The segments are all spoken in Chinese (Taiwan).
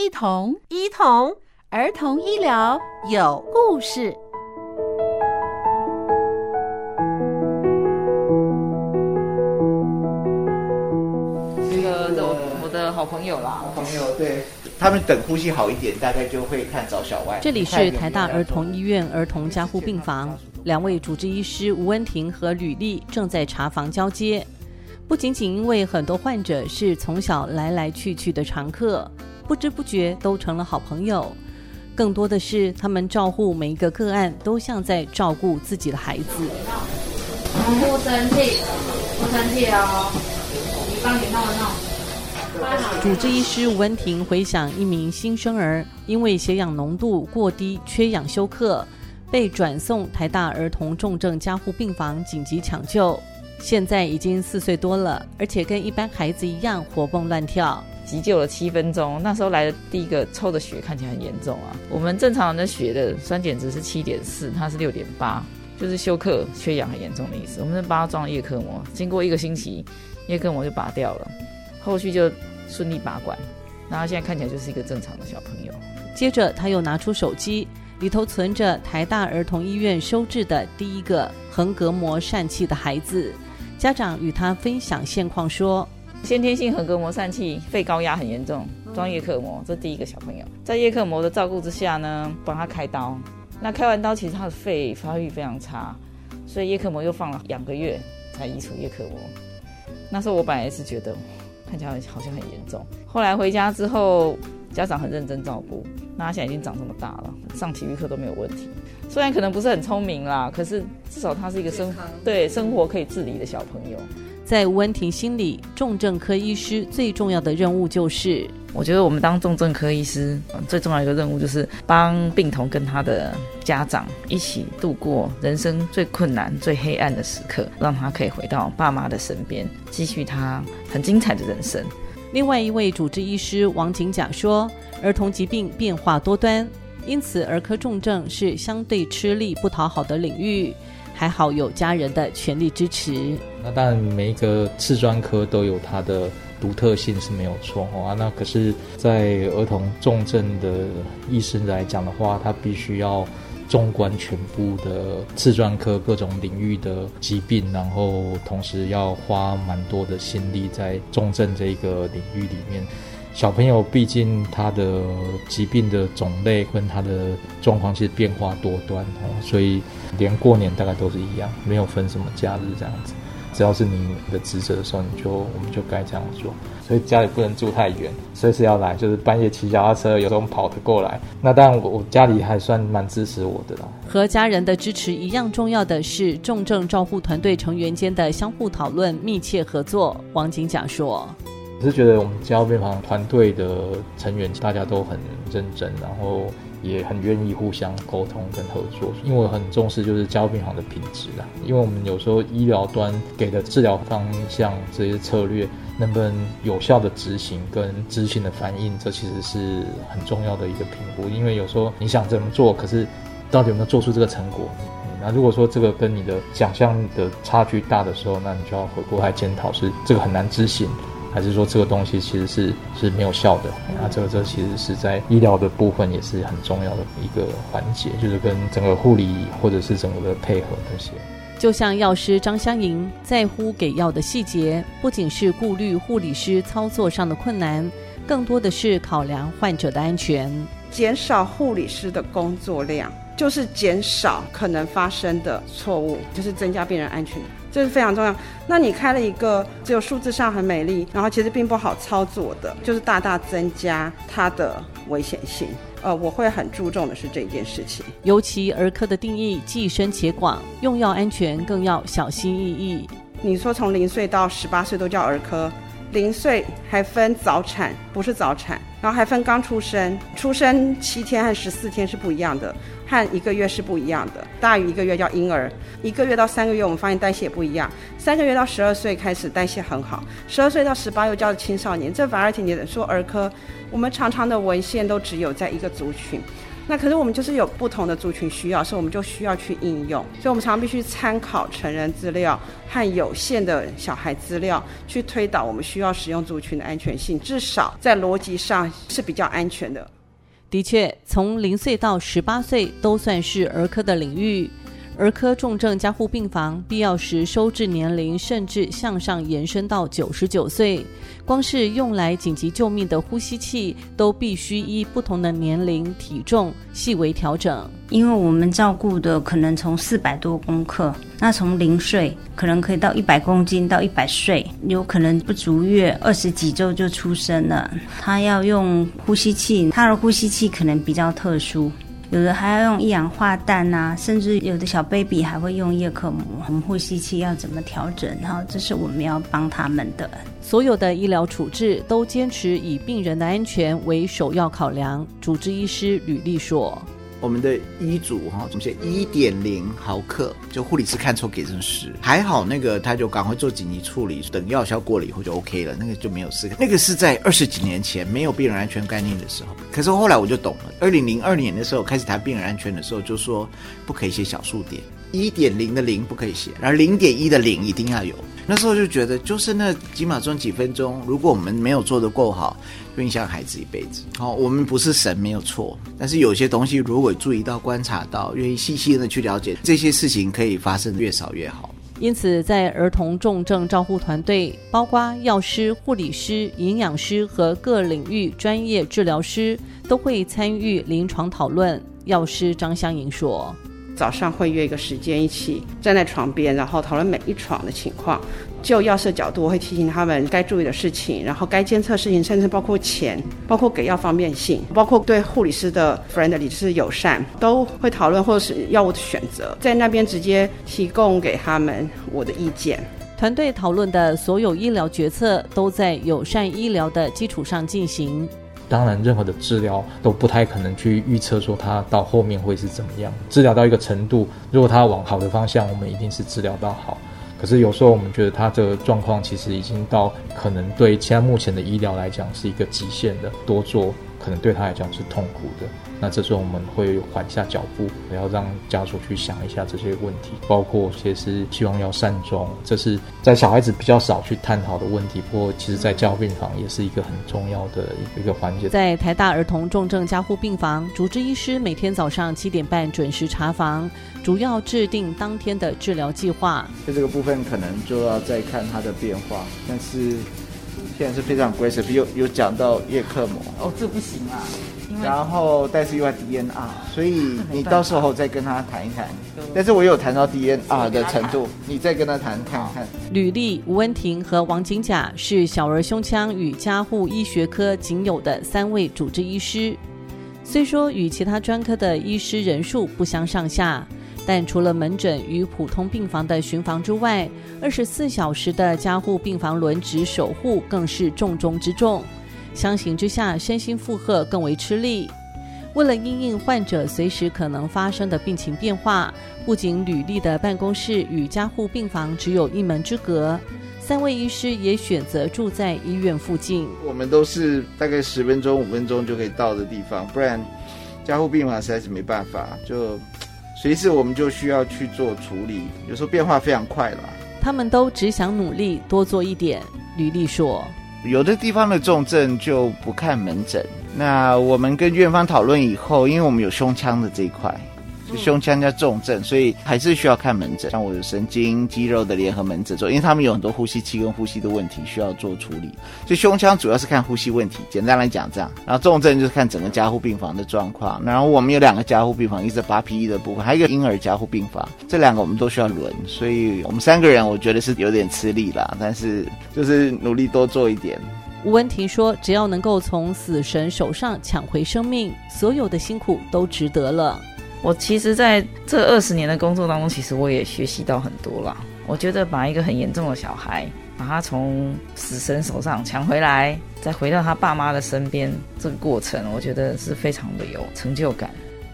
一同醫童兒童醫療有故事。這個我的好朋友啦，好朋友對。他們等呼吸好一點，大概就會看找小外。這裡是台大兒童醫院兒童加護病房，兩位主治醫師吳文婷和呂麗麗正在查房交接。不僅僅因為很多患者，是從小來來去去的常客。不知不覺都成了好朋友。更多的是，他們照護每一個個案，都像在照顧自己的孩子。不生氣，不生氣哦！你幫你弄一弄。主治醫師吳文婷回想，一名新生兒因為血氧濃度過低，缺氧休克，被轉送台大兒童重症加護病房緊急搶救。現在已經四歲多了，而且跟一般孩子一樣活蹦亂跳。急救了七分鐘，那時候來的第一個抽的血看起來很嚴重啊。我們正常人的血的酸鹼值是七點四，它是六點八，就是休克、缺氧很嚴重的意思。我們幫他裝了葉克膜，經過一個星期，葉克膜就拔掉了，後續就順利拔管。那他現在看起來就是一個正常的小朋友。接着他又拿出手機，裡頭存着台大兒童醫院收治的第一個橫膈膜疝氣的孩子，家長與他分享現況說。先天性橫膈膜疝氣，肺高壓很嚴重，裝葉克膜、嗯，這是第一個小朋友，在葉克膜的照顧之下呢，幫他開刀。那開完刀，其實他的肺發育非常差，所以葉克膜又放了兩個月才移除葉克膜。那時候我本來是覺得看起來好像很嚴重，後來回家之後，家長很認真照顧，那他現在已經長這麼大了，上體育課都沒有問題。雖然可能不是很聰明啦，可是至少他是一個生對生活可以自理的小朋友。在吳文婷心裡，重症科醫師最重要的任務就是，我覺得我們當重症科醫師，最重要一個任務就是幫病童跟他的家長一起度過人生最困難、最黑暗的時刻，讓他可以回到爸媽的身邊，繼續他很精彩的人生。另外一位主治醫師王景甲說：“兒童疾病變化多端，因此兒科重症是相對吃力不討好的領域，還好有家人的全力支持。”那當然每一個次專科都有它的獨特性，是沒有錯哦。那可是，在兒童重症的醫生來講的話，他必須要縱觀全部的次專科各種領域的疾病，然後同時要花蠻多的心力在重症這一個領域裡面。小朋友畢竟他的疾病的種類跟他的狀況其實變化多端哦，所以連過年大概都是一樣，沒有分什麼假日這樣子。只要是你的職責的時候，你就我們就該這樣做。所以家裡不能住太遠，隨時要來，就是半夜騎腳踏車，有時候我們跑得過來。那當然我我家裡還算蠻支持我的啦。和家人的支持一樣重要的是重症照護團隊成員間的相互討論、密切合作。王景講說：“我是覺得我們加護病房團隊的成員大家都很認真，然後。”也很願意互相溝通跟合作，因為我很重視就是加護病房的品質啦。因為我們有時候醫療端給的治療方向這些策略，能不能有效的執行跟執行的反應，這其實是很重要的一個評估。因為有時候你想怎麼做，可是到底有沒有做出這個成果，嗯？那如果說這個跟你的想象的差距大的時候，那你就要回過來檢討，是這個很難執行的。還是說這個東西其實是是沒有效的。那、嗯啊、這個這個、其實是在醫療的部分也是很重要的一個環節，就是跟整個護理或者是整個的配合那些。就像藥師張香瑩在乎給藥的細節，不僅是顧慮護理師操作上的困難，更多的是考量患者的安全，減少護理師的工作量，就是減少可能發生的錯誤，就是增加病人安全。這，就是非常重要。那你開了一個只有數字上很美麗，然後其實並不好操作的，就是大大增加它的危險性。呃，我會很注重的是這件事情。尤其兒科的定義既深且廣，用藥安全更要小心翼翼。你說從零歲到十八歲都叫兒科？零歲還分早產，不是早產，然後還分剛出生，出生七天和十四天是不一樣的，和一個月是不一樣的，大於一個月叫嬰兒，一個月到三個月我們發現代謝不一樣，三個月到十二歲開始代謝很好，十二歲到十八又叫青少年，這反而挺難的。說兒科，我們常常的文獻都只有在一個族群。那可是我們就是有不同的族群需要，所以我們就需要去應用，所以我們常常必須參考成人資料和有限的小孩資料，去推導我們需要使用族群的安全性，至少在邏輯上是比較安全的。的確，從零歲到十八歲都算是兒科的領域。兒科重症加護病房，必要時收治年齡甚至向上延伸到九十九歲。光是用來緊急救命的呼吸器，都必須依不同的年齡、體重細微調整。因為我們照顧的可能從四百多公克，那從零歲可能可以到一百公斤到一百歲，有可能不足月二十幾周就出生了。他要用呼吸器，他的呼吸器可能比較特殊。有的還要用一氧化氮啊，甚至有的小 baby 還會用葉克膜，我們呼吸器要怎麼調整？然後，這是我們要幫他們的。所有的醫療處置都堅持以病人的安全為首要考量。主治醫師呂麗說。我們的醫囑哈，怎麼寫一點零毫克？就護理師看錯給成十，還好那個他就趕快做緊急處理，等藥效過了以後就 OK 了，那個就沒有事。那個是在二十幾年前沒有病人安全概念的時候，可是後來我就懂了。二零零二年的時候開始談病人安全的時候，就說不可以寫小數點，一點零的零不可以寫，然後零點一的零一定要有。那時候就覺得，就是那幾秒鐘、幾分鐘，如果我們沒有做得夠好，會影響孩子一輩子。好、哦，我們不是神，沒有錯。但是有些東西，如果注意到、觀察到，願意細心的去了解，這些事情可以發生的越少越好。因此，在兒童重症照護團隊，包括藥師、護理師、營養師和各領域專業治療師，都會參與臨床討論。藥師張湘瑩說。早上會約一個時間，一起站在床邊，然後討論每一床的情況。就藥事角度，我會提醒他們該注意的事情，然後該監測事情，甚至包括錢，包括給藥方便性，包括對護理師的 friendly，就是友善，都會討論或是藥物的選擇，在那邊直接提供給他們我的意見。團隊討論的所有醫療決策都在友善醫療的基礎上進行。當然，任何的治療都不太可能去預測說他到後面會是怎麼樣。治療到一個程度，如果他往好的方向，我們一定是治療到好。可是有時候我們覺得他這個狀況其實已經到可能對其他目前的醫療來講是一個極限的，多做可能對他來講是痛苦的。那這時候我們會緩下腳步，也要讓家屬去想一下這些問題，包括其實希望要善終，這是在小孩子比較少去探討的問題，不過其實，在加護病房也是一個很重要的一個環節。在台大兒童重症加護病房，主治醫師每天早上七點半準時查房，主要制定當天的治療計劃。在這個部分，可能就要再看它的變化。但是現在是非常規，則比如有有講到葉克膜？哦，這不行啊。然後，但是又要 D N R，所以你到時候再跟他談一談。但是我也有談到 D N R 的程度，你再跟他談看看。呂麗、吳文婷和王景甲是小兒胸腔與加護醫學科僅有的三位主治醫師，雖說與其他專科的醫師人數不相上下，但除了門診與普通病房的巡房之外，二十四小時的加護病房輪值守護更是重中之重。相形之下，身心負荷更為吃力。為了因應患者隨時可能發生的病情變化，不僅呂立的辦公室與加護病房只有一門之隔，三位醫師也選擇住在醫院附近。我們都是大概十分鐘、五分鐘就可以到的地方，不然加護病房實在是沒辦法。就隨時我們就需要去做處理，有時候變化非常快了。他們都只想努力多做一點。呂立說。有的地方的重症就不看門診，那我們跟院方討論以後，因為我們有胸腔的這一塊。胸腔加重症，所以還是需要看門診，像我的神經肌肉的聯合門診做，因為他們有很多呼吸器跟呼吸的問題需要做處理。所以胸腔主要是看呼吸問題，簡單來講這樣。然後重症就是看整個加護病房的狀況。然後我們有兩個加護病房，一個是八 P E 的部分，還有一個嬰兒加護病房，這兩個我們都需要輪，所以我們三個人我覺得是有點吃力啦，但是就是努力多做一點。吳文婷說：“只要能夠從死神手上搶回生命，所有的辛苦都值得了。”我其實在這二十年的工作當中，其實我也學習到很多了。我覺得把一個很嚴重的小孩，把他從死神手上搶回來，再回到他爸媽的身邊，這個過程，我覺得是非常的有成就感。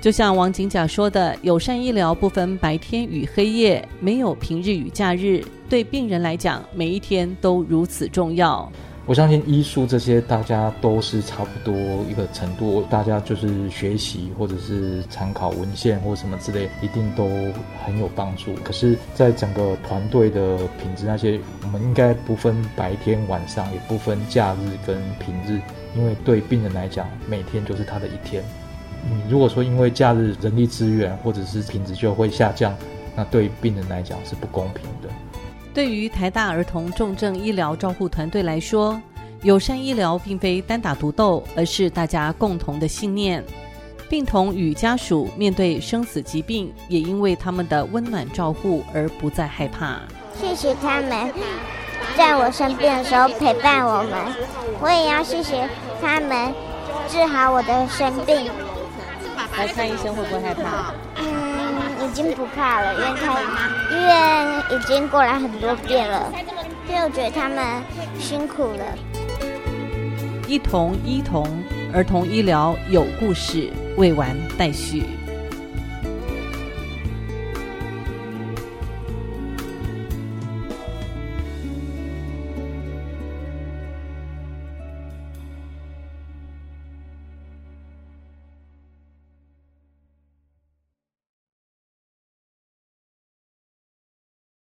就像王警長說的，友善醫療不分白天與黑夜，沒有平日與假日，對病人來講，每一天都如此重要。我相信醫術這些大家都是差不多一個程度，大家就是學習或者是參考文獻或什麼之類，一定都很有幫助。可是，在整個團隊的品質那些，我們應該不分白天晚上，也不分假日跟平日，因為對病人來講，每天就是他的一天。你、嗯、如果說因為假日人力資源或者是品質就會下降，那對病人來講是不公平的。對於台大兒童重症醫療照護團隊來說，友善醫療並非單打獨鬥，而是大家共同的信念。病童與家屬面對生死疾病，也因為他們的溫暖照護而不再害怕。謝謝他們在我生病的時候陪伴我們，我也要謝謝他們治好我的生病。來看醫生會不會害怕？已經不怕了，因為他醫院已經過來很多遍了，就覺得他們辛苦了。一同醫童，兒童醫療友故事，未完待續。